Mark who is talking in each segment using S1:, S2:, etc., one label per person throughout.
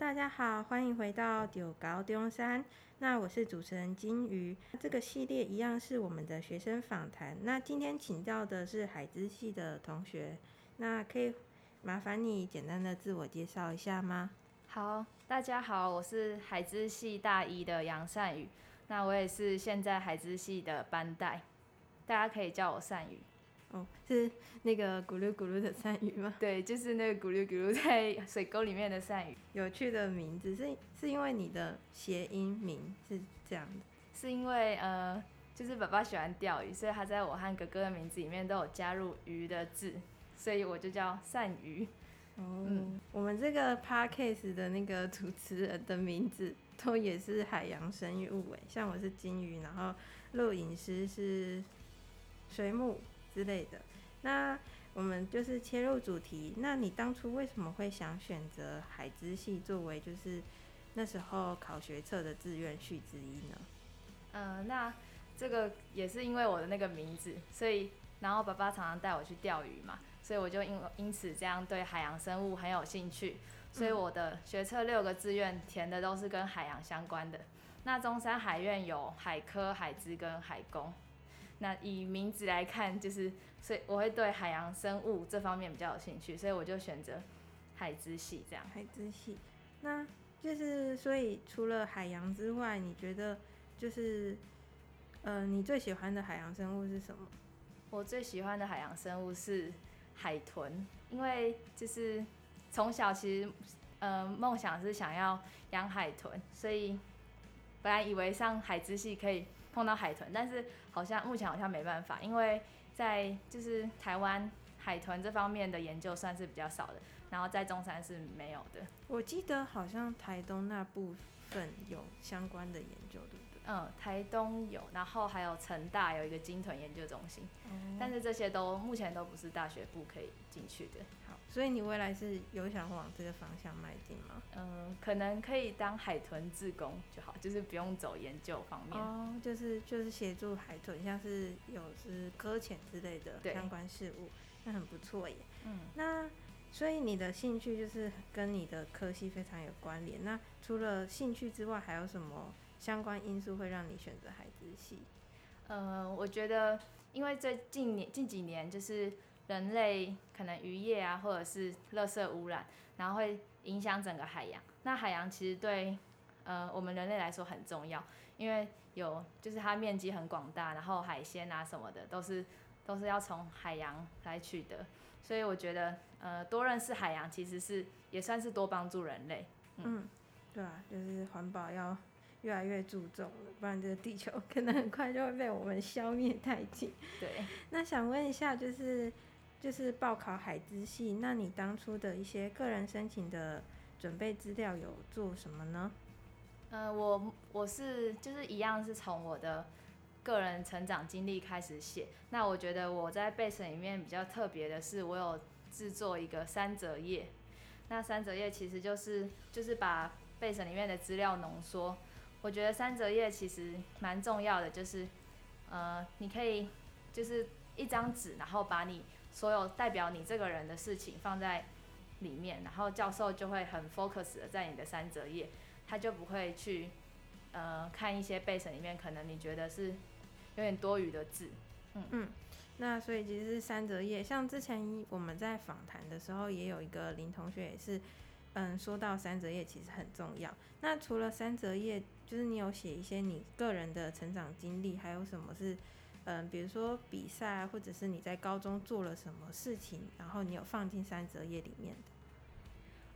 S1: 大家好，歡迎回到《中猴中山》。那我是主持人金魚。這個系列一樣是我們的學生訪談。那今天請到的是海資系的同學。那可以麻煩你簡單的自我介紹一下嗎？好，大家好，我是海資系大一的楊善宇。那我也是
S2: 現在海資系的班代，大家可以叫我善宇。哦，oh, 是
S1: 那個咕嚕咕嚕的鱔魚嗎？對，就是那個咕嚕咕嚕在水溝裡面的鱔魚。有趣的名字是是因為你的諧音名是這樣的？
S2: 是因為呃，就是爸爸喜歡釣魚，所以他在我和哥哥的名字裡面都有加入魚
S1: 的字，所以我就叫鱔魚。哦、oh, 嗯，我們這個 Podcast 的那個主持人的名字都也是海洋生物誒，像我是鯨魚，然後錄影師是水母，之類的，那我們就是切入主題。那你當初為什麼會想選擇海資系作為就是那時候考學測的志願序之一呢？嗯、呃，
S2: 那這個也是因為我的那個名字，所以然後爸爸常常帶我去釣魚嘛，所以我就因因此這樣對海洋生物很有興趣，所以我的學測六個志願填的都是跟海洋相關的。那中山海院有海科、海資跟海工。那以名字來看，就是所以我會對海洋生物這方面比較有興趣，所以我就選擇海資系這樣。海資系，
S1: 那就是所以除了海洋之外，你覺得就是呃，你最喜歡的海洋生物是什麼？我最喜歡的海洋生物
S2: 是海豚，因為就是從小其實呃夢想是想要養海豚，所以本來以為上海資系可以。碰到海豚，但是好像目前好像沒辦法，因為在就是台灣海豚這方面的研究算是比較少的，然後在中山是沒有的。
S1: 我記得好像台東那部分有相關的研究的。嗯，台東
S2: 有，然後還有成大有一個鯨豚研究中心，嗯、但是這些都目前都不是大學部可以進去的。好，
S1: 所以你未來是有想往這個方向邁進嗎？嗯，
S2: 可能可以當海豚志工就好，就是不用走研究方面，哦，
S1: 就是就是協助海豚，像是有隻擱淺之類的相關事務，對那很不錯耶。嗯，那所以你的興趣就是跟你的科系非常有關聯。那除了興趣之外，還有什麼？相關因素會讓你選擇海資系，呃，我覺得，因為最近年近幾年，就是
S2: 人類可能漁業啊，或者是垃圾污染，然後會影響整個海洋。那海洋其實對，呃，我們人類來說很重要，因為有，就是它面積很廣大，然後海鮮啊什麼的都是都是要從海洋來取得，所以我覺得，呃，多認識海洋其實是也算是多幫助人類。嗯，
S1: 嗯，對啊，就是環保要越來越注重了，不然這個地球可能很快就會被我們消滅殆盡。對，那想問一下，就是就是報考海資系，那你當初的一些個人申請的準備資料有做什麼呢？呃，我我是就是一樣是從我的
S2: 個人成長經歷開始寫。那我覺得我在備審裡面比較特別的是，我有制作一個三折頁。那三折頁其實就是就是把備審裡面的資料濃縮。我覺得三折頁其實蠻重要的，就是，呃，你可以就是一張紙，然後把你所有代表你這個人的事情放在裡面，然後教授就會很 focus 的在你的三折頁，他就不會去呃看一些備審裡面可能你覺得是有點多餘的字。
S1: 嗯嗯，那所以其實是三折頁，像之前我們在訪談的時候也有一個林同學也是，嗯，說到三折頁其實很重要。那除了三折頁。就是你有寫一些你個人的成長經歷，還有什麼是，嗯、呃，比如說比賽或者是你在高中做了什麼事情，然後你有放進三折頁裡面的。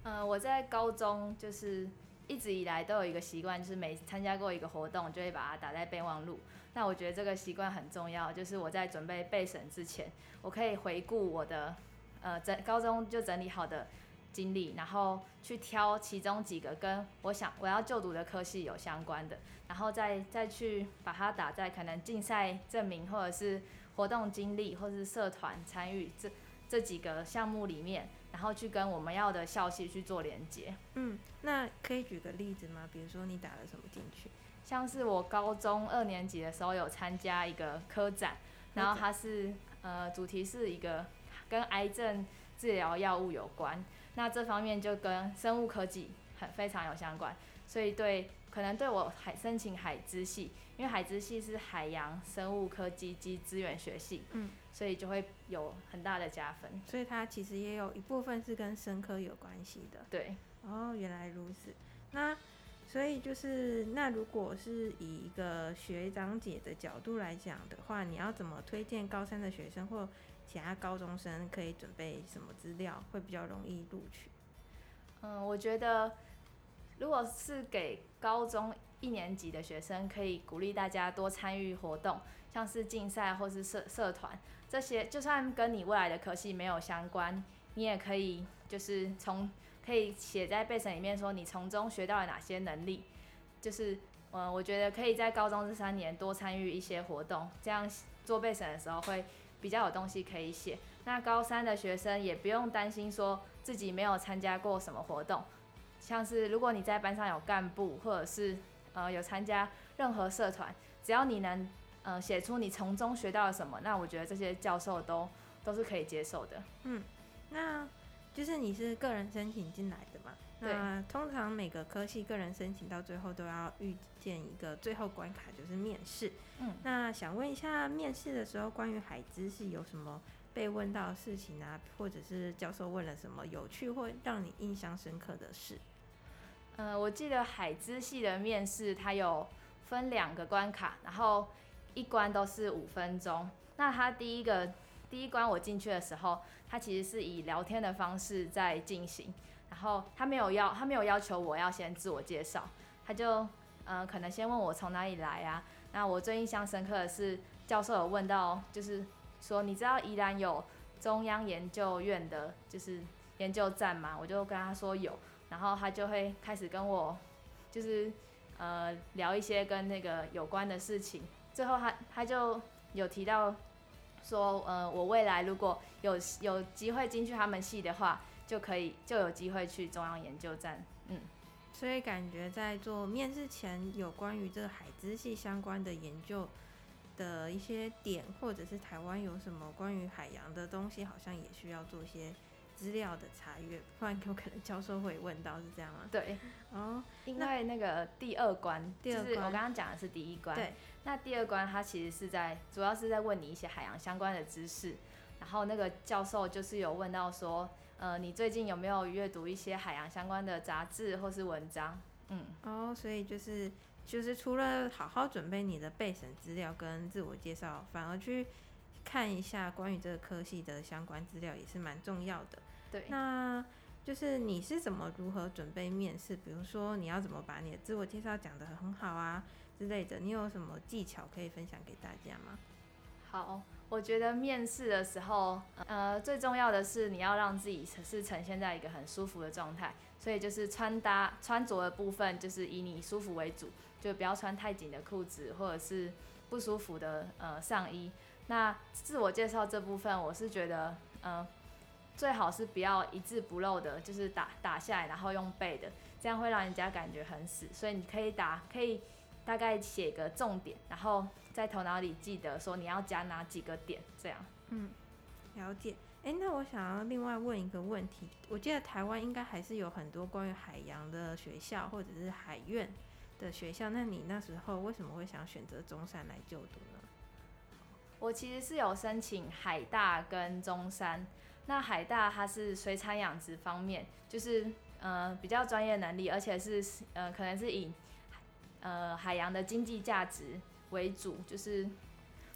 S2: 嗯、呃，我在高中就是一直以來都有一個習慣，就是每參加過一個活動，就會把它打在備忘錄。那我覺得這個習慣很重要，就是我在準備備審之前，我可以回顧我的，呃，在高中就整理好的。經歷，然後去挑其中幾個跟我想我要就讀的科系有相關的，然後再再去把它打在可能競賽證明，或者是活動經歷，或者是社團參與這這幾個項目裡面，然後去跟我們要的校系去做連接。嗯，那可以舉個例子嗎？比如說你打了什麼進去？像是我高中二年級的時候有參加一個科展，然後它是呃主題是一個跟癌症治療藥物有關。那這方面就跟生物科技很非常有相關，所以對，可能對我還申請海資系，因為海資系
S1: 是海洋生物科技暨資源學系，嗯，所以就會有很大的加分。所以它其實也有一部分是跟生科有關係的。對，哦，原來如此。那所以就是那如果是以一個學長姐的角度來講的話，你要怎麼推薦高三的學生或？其他高中生可以準備什麼資料會比較容易錄取？
S2: 嗯，我覺得如果是給高中一年級的學生，可以鼓勵大家多參與活動，像是競賽或是社社團這些，就算跟你未來的科系沒有相關，你也可以就是從可以寫在備審裡面說你從中學到了哪些能力。就是，嗯，我覺得可以在高中這三年多參與一些活動，這樣做備審的時候會。比較有東西可以寫，那高三的學生也不用擔心說自己沒有參加過什麼活動，像是如果你在班上有幹部，或者是呃有參加任何社團，只要你能呃寫出你從中學到了什麼，那我覺得這些教授都都是可以接
S1: 受的。嗯，那就是你是個人申請進來的嗎？對啊，通常每個科系個人申請到最後都要遇見一個最後關卡，就是面試。嗯，那想問一下，面試的時候關於海資系有什麼被問到的事情啊，或者是教授問了什麼有趣或讓你印象深刻的事？
S2: 呃，我記得海資系的面試它有分兩個關卡，然後一關都是五分鐘。那它第一個第一關我進去的時候，它其實是以聊天的方式在進行。然後他沒有要，他沒有要求我要先自我介紹，他就，呃，可能先問我從哪裡來啊。那我最印象深刻的是，教授有問到，就是說你知道宜蘭有中央研究院的，就是研究站嗎？我就跟他說有，然後他就會開始跟我，就是，呃，聊一些跟那個有關的事情。最後他他就有提到，說，呃，我未來如果有有機會進去他們系的話。就可以就有機會去中央研究站，
S1: 嗯，所以感覺在做面試前，有關於這個海資系相關的研究的一些點，或者是台灣有什麼關於海洋的東西，好像也需要做一些資料的查閱，不然有可能教授會問到，是這樣嗎？對，哦，oh, 因為那個第二關，第二關就是我剛剛講的是第一關，對，
S2: 那第二關它其實是在主要是在問你一些海洋相關的知識。然後那個教授就是有問到說，呃，你最近有沒有閱讀一些海洋相關的雜誌或
S1: 是文章？嗯，哦，oh, 所以就是就是除了好好準備你的備審資料跟自我介紹，反而去看一下關於這個科系的相關資料也是蠻重要的。對，那就是你是怎麼如何準備面試？比如說你要怎麼把你的自我介紹講得很好啊之類的，你有什麼技巧可以分享給大家嗎？
S2: 好。我覺得面試的時候，呃，最重要的是你要讓自己是呈現在一個很舒服的狀態，所以就是穿搭穿着的部分就是以你舒服為主，就不要穿太緊的褲子或者是不舒服的呃上衣。那自我介紹這部分，我是覺得，嗯、呃，最好是不要一字不漏的，就是打打下來然後用背的，這樣會讓人家感覺很死。所以你可以打，可以大概寫個重點，然後。
S1: 在頭腦裡記得
S2: 說你要加哪幾個點，這樣。嗯，了解。哎、欸，
S1: 那我想要另外問一個問題，我記得台灣應該還是有很多關於海洋的學校或者是海院的學校，那你那時候為什麼會想選擇中山來就讀呢？我其實是有申請海大跟中山，
S2: 那海大它是水產養殖方面，就是呃比較專業能力，而且是呃可能是以呃海洋的經濟價值。為主，就是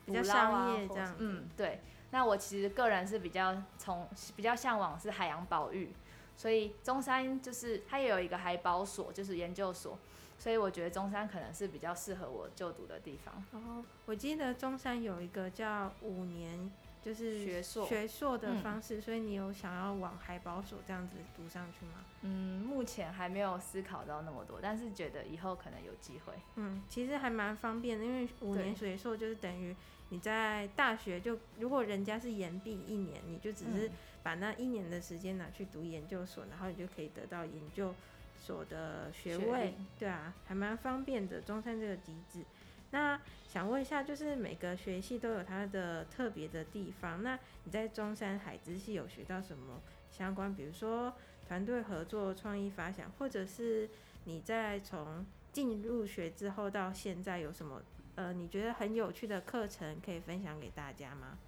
S1: 比較商業這樣，嗯，
S2: 對。那我其實個人是比較從比較向往是海洋保育，所以中山就是它也有一個海保所，就是研究所，所以我覺得中山可能是比較適合我就讀的地方。
S1: 然後、哦、我記得中山有一個叫五年。就是學碩學碩的方式，嗯，所以你有想要往海保所這樣子讀上去嗎？嗯，目前還沒有思考到那麼多，但是覺得以後可能有機會。嗯，其實還蠻方便的，因為五年學碩就是等於你在大學就如果人家是延畢一年，你就只是把那一年的時間拿去讀研究所，然後你就可以得到研究所的學位。學歷。對啊，還蠻方便的，中山這個機制。那想問一下，就是每個學系都有它的特別的地方。那你在中山海資系有學到什麼相關？比如說團隊合作、創意發想，或者是你在從進入學之後到現在有什麼呃你覺得很有趣的課程可以分享給大家嗎？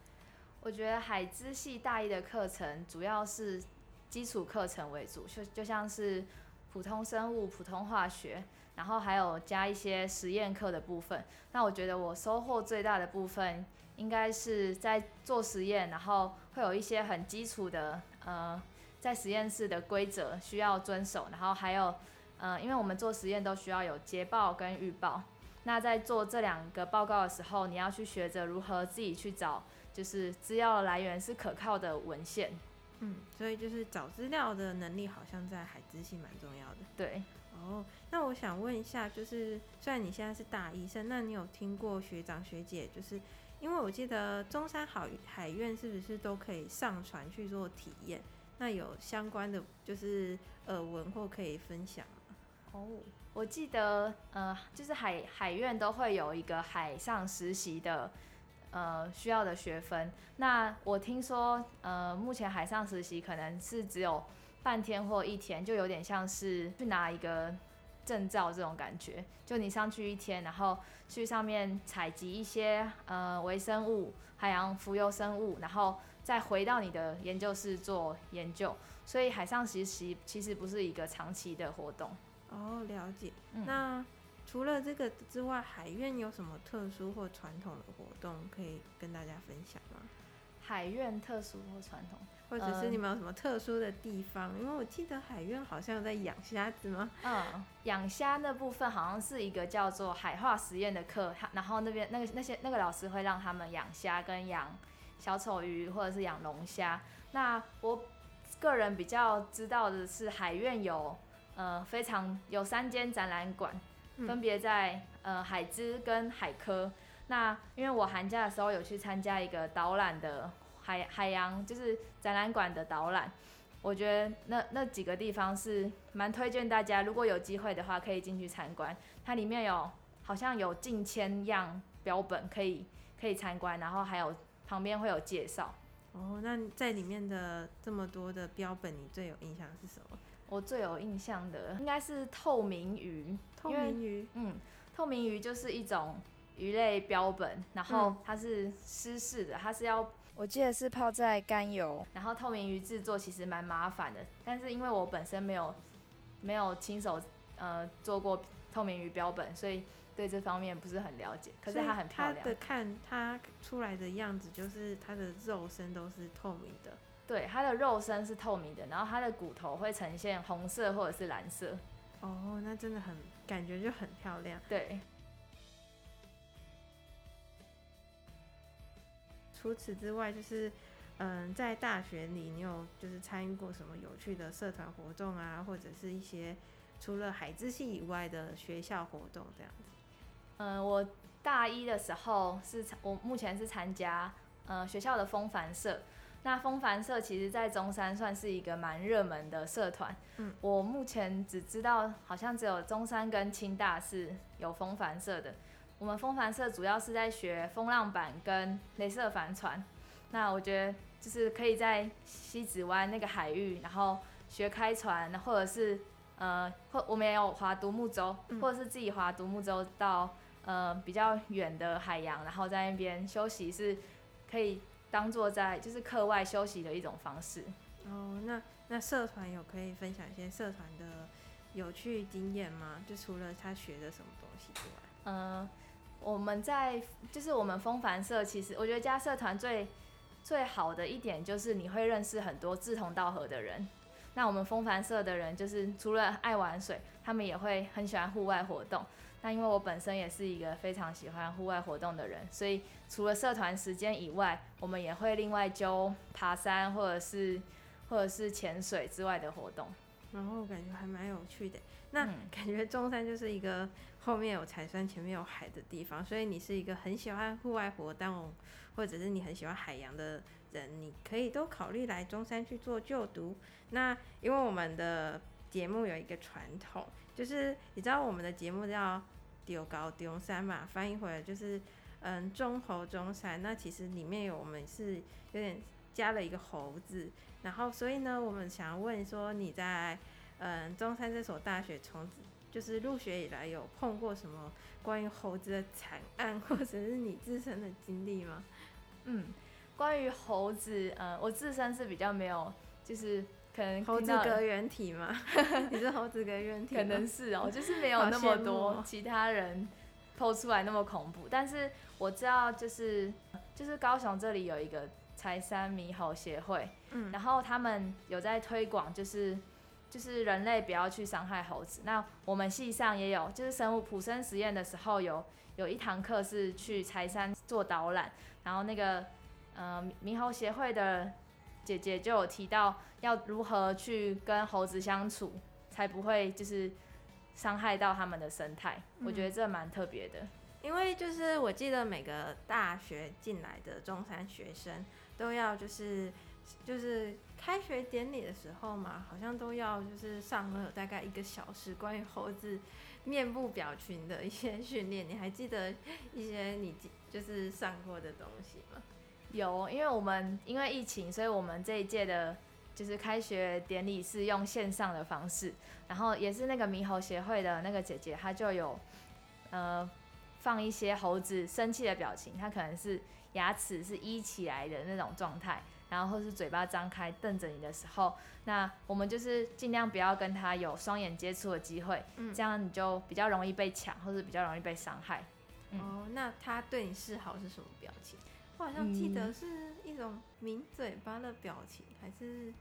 S2: 我覺得海資系大一的課程主要是基礎課程為主，就就像是普通生物、普通化學。然後還有加一些實驗課的部分。那我覺得我收穫最大的部分，應該是在做實驗，然後會有一些很基礎的，呃，在實驗室的規則需要遵守。然後還有，呃，因為我們做實驗都需要有結報跟預報。那在做這兩個報告的時候，你要去學着如何自己去找，就是資料的來源是可靠的文
S1: 獻。嗯，所以就是找資料的能力，好像在海資系蠻重要的。對。哦，那我想問一下，就是雖然你現在是大一生，那你有聽過學長學姐？就是因為我記得中山海海院是不是都可以上船去做體驗？那有相關的就是呃文或可以分享嗎？哦，我記得呃，就是海海院都會有一個海上
S2: 實習的呃需要的學分。那我聽說呃，目前海上實習可能是只有。半天或一天，就有點像是去拿一個證照這種感覺。就你上去一天，然後去上面採集一些呃微生物、海洋浮游生物，然後再回到你的研究室做研究。所以海上實習其實不是一個長期的活動。
S1: 哦，了解。嗯。那除了這個之外，海院有什麼特殊或傳統的活動可以跟大家分享嗎？海院特殊或傳統？
S2: 或者是你們有什
S1: 麼特殊的地方？嗯、因為我記得海院好像在養蝦子嗎？
S2: 嗯，養蝦那部分好像是一個叫做海化實驗的課，然後那邊那個那些那個老師會讓他們養蝦、跟養小丑魚或者是養龍蝦。那我個人比較知道的是，海院有呃非常有三間展覽館，分別在、嗯、呃海資跟海科。那因為我寒假的時候有去參加一個導覽的。海海洋，就是展覽館的導覽，我覺得那那幾個地方是蠻推薦大家，如果有機會的話可以進去參觀。它裡面有好像有近千樣標本可以可以參觀，然後還有旁邊會有介紹。哦，那在裡面的這麼多的標本，你最有印象是什麼？我最有印象的應該是透明魚。透明魚，嗯，透明魚就是一種魚類標本，然後它是濕式的，它是要。我記得是泡在甘油，然後透明魚製作其實蠻麻煩的，但是因為我本身沒有沒有親手呃做過透明魚標本，所以對這方面不是很了解。可是它很漂亮。它的
S1: 看它出來的樣子，就是它的肉身都是透明的。
S2: 對，它的肉身是透明的，然後它的骨頭會呈現紅色或者是藍色。
S1: 哦，那真的很感覺就很漂亮。對。除此之外，就是，嗯，在大學裡你有就是參與過什麼有趣的社團活動啊，或者是一些除了海資系以外的學校活動這樣子。嗯、呃，我大一的時
S2: 候是，我目前是參加，呃，學校的風帆社。那風帆社其實在中山算是一個蠻熱門的社團。嗯。我目前只知道，好像只有中山跟清大是有風帆社的。我們風帆社主要是在學風浪板跟雷射帆船，那我覺得就是可以在西子灣那個海域，然後學開船，或者是呃，或我們也有划獨木舟，或者是自己划獨木舟到呃比較遠的海洋，然後在那邊休息，是可以當做在就是課外休息的一種
S1: 方式。哦，那那社團有，可以分享一些社團的有趣經驗嗎？就除了他學的什麼東西之外，嗯、呃。我們在
S2: 就是我們風帆社，其實我覺得加社團最最好的一點就是你會認識很多志同道合的人。那我們風帆社的人就是除了愛玩水，他們也會很喜歡戶外活動。那因為我本身也是一個非常喜歡戶外活動的人，所以除了社團時間以外，我們也會另外揪爬山或者是或者是潛
S1: 水之外的活動。然後感覺還蠻有趣的。那感覺中山就是一個。後面有柴山，前面有海的地方，所以你是一個很喜歡戶外活動，或者是你很喜歡海洋的人，你可以都考慮來中山去做就讀。那因為我們的節目有一個傳統，就是你知道我們的節目叫丟高丟山嘛，翻譯回來就是嗯中猴中山。那其實裡面有我們是有點加了一個猴子，然後所以呢，我們想問說你在嗯中山這所大學從。就是入學以來有碰過什麼關於猴子的慘案，或者是你自身的經歷嗎？嗯，關於猴子，呃，我自身是比
S2: 較沒有，就是可能猴子絕緣體嘛，
S1: 你是猴子絕緣體嗎？可能是哦，就是沒有那麼多其
S2: 他人 PO 出來那麼恐怖。但是我知道，就是就是高雄這裡有一個柴山獼猴協會，嗯，然後他們有在推廣，就是。就是人類不要去傷害猴子。那我們系上也有，就是生物普生實驗的時候有，有有一堂課是去柴山做導覽，然後那個呃，獼猴協會的姐姐就有提到要如何去跟猴子相處，才不會就是傷
S1: 害到他們的生態。我覺得這蠻特別的。嗯，因為就是我記得每個大學進來的中山學生都要就是就是。開學典禮的時候嘛，好像都要就是上了大概一個小時關於猴子面部表情的一些訓練。你還記得一些你就是上過的東西嗎？
S2: 有，因為我們因為疫情，所以我們這一屆的就是開學典禮是用線上的方式，然後也是那個獼猴協會的那個姐姐，她就有呃放一些猴子生氣的表情，她可能是牙齒是依起來的那種狀態。然後或是嘴巴張開瞪着你的時候，那我們就是盡量不要跟他有雙眼接觸的機會，嗯、這樣你就比較容易被搶，或是比較容易被傷害。嗯、
S1: 哦，那他對你示好是什麼表情？我好像記得是一種抿嘴巴的表情，嗯、還是？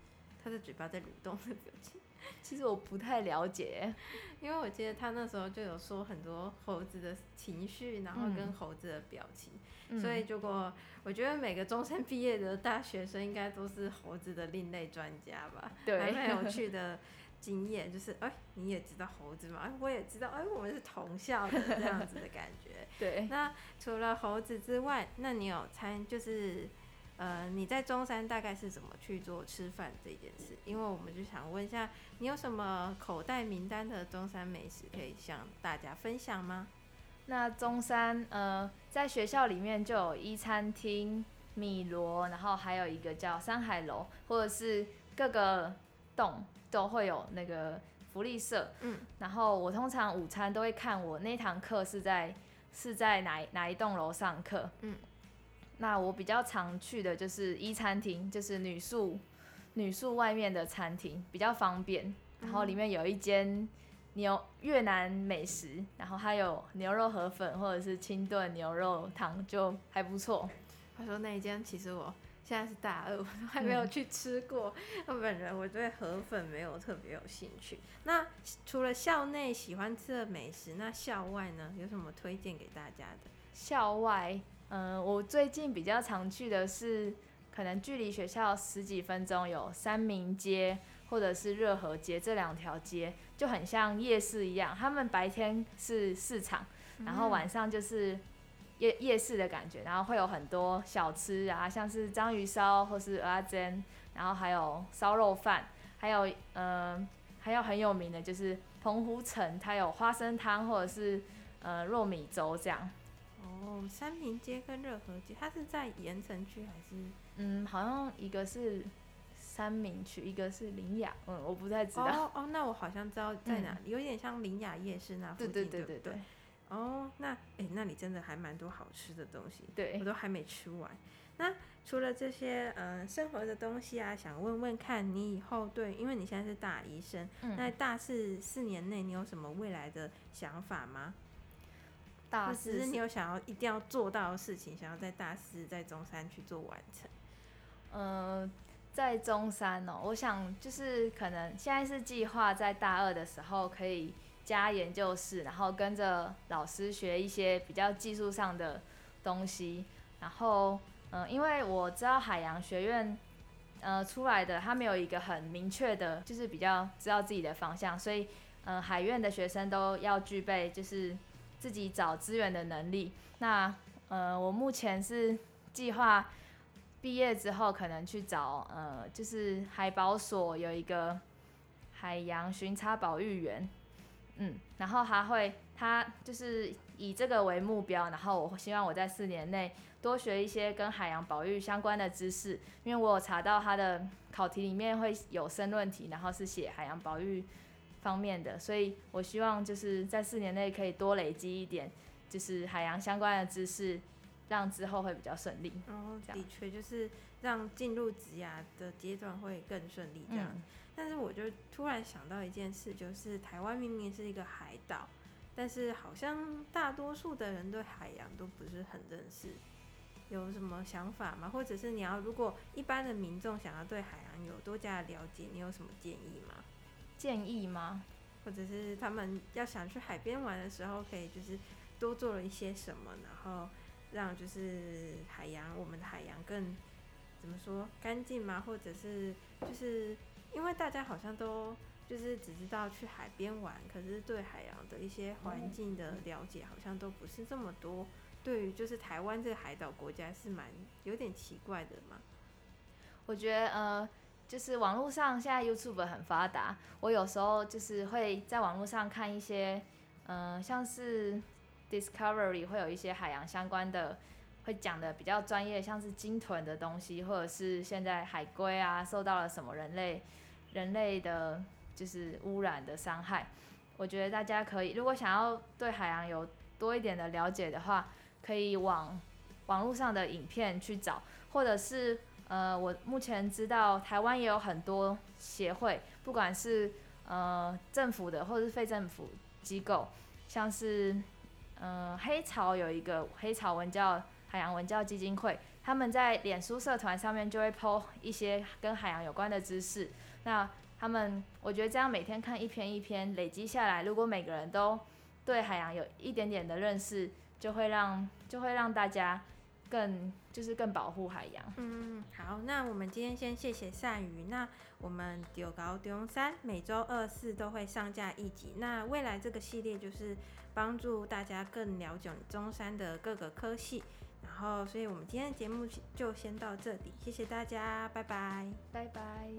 S1: 他的嘴巴在蠕動的表情，其實我不太了解，因為我記得他那時候就有說很多猴子的情緒，然後跟猴子的表情，嗯、所以如果、嗯、我覺得每個中山畢業的大學生應該都是猴子的另類專家吧，蠻對有趣的經驗就是，哎、 欸，你也知道猴子嘛，哎、欸，我也知道，哎、欸，我們是同校的這樣子的感覺。 對，那除了猴子之外，那你有參就是？呃，你在中山大概是怎麼去做吃飯這件事？因為我們就想問一下，你有什麼口袋名單的中山美食可以向大家分享嗎？
S2: 那中山呃，在學校裡面就有一餐廳米羅，然後還有一個叫山海樓，或者是各個棟都會有那個福利社。嗯，然後我通常午餐都會看我那堂課是在是在哪哪一棟樓上課。嗯。那我比較常去的就是一餐廳，就是女宿女宿外面的餐廳比較方便，然後裡面有一間牛越南美食，然後還有牛肉河粉或者是清燉牛肉湯
S1: 就還不錯。他說那一間其實我。現在是大二，我都還沒有去吃過。我、嗯、本人我對河粉沒有特別有興趣。那除了校內喜歡吃的美食，那校外呢，有什麼推薦給大家的？校外，嗯、
S2: 呃，我最近比較常去的是，可能距離學校十幾分鐘有三民街或者是熱河街這兩條街，就很像夜市一樣。他們白天是市場，然後晚上就是。嗯夜夜市的感覺，然後會有很多小吃啊，像是章魚燒或是蚵仔煎，然後還有燒肉飯，還有嗯、呃、還有很有名的就是澎湖陳，它有花生湯或者是呃糯米粥這樣。
S1: 哦，三民街跟熱河街，它是在鹽埕區還是？
S2: 嗯，好像一個是三民區，一個是苓雅，嗯，我不太知道。哦，
S1: 哦，那我好像知道在哪，嗯、有一點像苓雅夜市那附近，對對對，對，對對對？對對對哦、oh，那哎，那裡真的還蠻多好吃的東西，對我都還沒吃完。那除了這些，嗯、呃，生活的東西啊，想問問看你以後對，因為你現在是大一生，嗯、那大四四年內你有什麼未來的想法嗎？大四，你有想要一定要做到的事情，想要在大四在中山去做完成。呃，在中
S2: 山哦，我想就是可能現在是計劃在大二的時候可以。加研究室，然後跟着老師學一些比較技術上的東西。然後，嗯、呃，因為我知道海洋學院，呃，出來的他沒有一個很明確的，就是比較知道自己的方向，所以，呃，海院的學生都要具備就是自己找資源的能力。那，呃，我目前是計劃畢業之後可能去找，呃，就是海保所有一個海洋巡查保育員。嗯，然後他會，他就是以這個為目標，然後我希望我在四年內多學一些跟海洋保育相關的知識，因為我有查到他的考題裡面會有申論題，然後是寫海洋保育方面的，所以我希望就是在四年內可以多累積一點，就是海洋相關的知識。
S1: 這樣之後會比較順利哦，嗯、樣的確，就是讓進入職涯的階段會更順利這樣。嗯、但是我就突然想到一件事，就是台灣明明是一個海島，但是好像大多數的人對海洋都不是很認識，有什麼想法嗎？或者是你要如果一般的民眾想要對海洋有多加了解，你有什麼建議嗎？建議嗎？或者是他們要想去海邊玩的時候，可以就是多做了一些什麼，然後？讓就是海洋，我們的海洋更怎麼說乾淨嗎？或者是就是因為大家好像都就是只知道去海邊玩，可是對海洋的一些環境的了解好像都不是這麼多。對於就是台灣這個海島國家是蠻有點奇怪的嘛？我覺得呃，
S2: 就是網絡上現在 YouTube 很發達，我有時候就是會在網絡上看一些嗯、呃，像是。Discovery 會有一些海洋相關的，會講的比較專業，像是鯨豚的東西，或者是現在海龜啊受到了什麼人類人類的就是污染，的傷害。我覺得大家可以，如果想要對海洋有多一點的了解的話，可以往網絡上的影片去找，或者是呃，我目前知道台灣也有很多協會，不管是呃政府的或者是非政府機構，像是。嗯、呃，黑潮有一個黑潮文教海洋文教基金會，他們在臉書社團上面就會 PO 一些跟海洋有關的知識。那他們，我覺得這樣每天看一篇一篇，累積下來，如果每個人都對海洋有一點點的認識，就會讓就會讓大家
S1: 更就是更保護海洋。嗯，嗯，好，那我們今天先謝謝善宇。那我們中猴中山，每周二四都會上架一集。那未來這個系列就是。幫助大家更了解你中山的各個科系，然後，所以我們今天的節目就先到這裡，謝謝大家，拜拜，拜拜。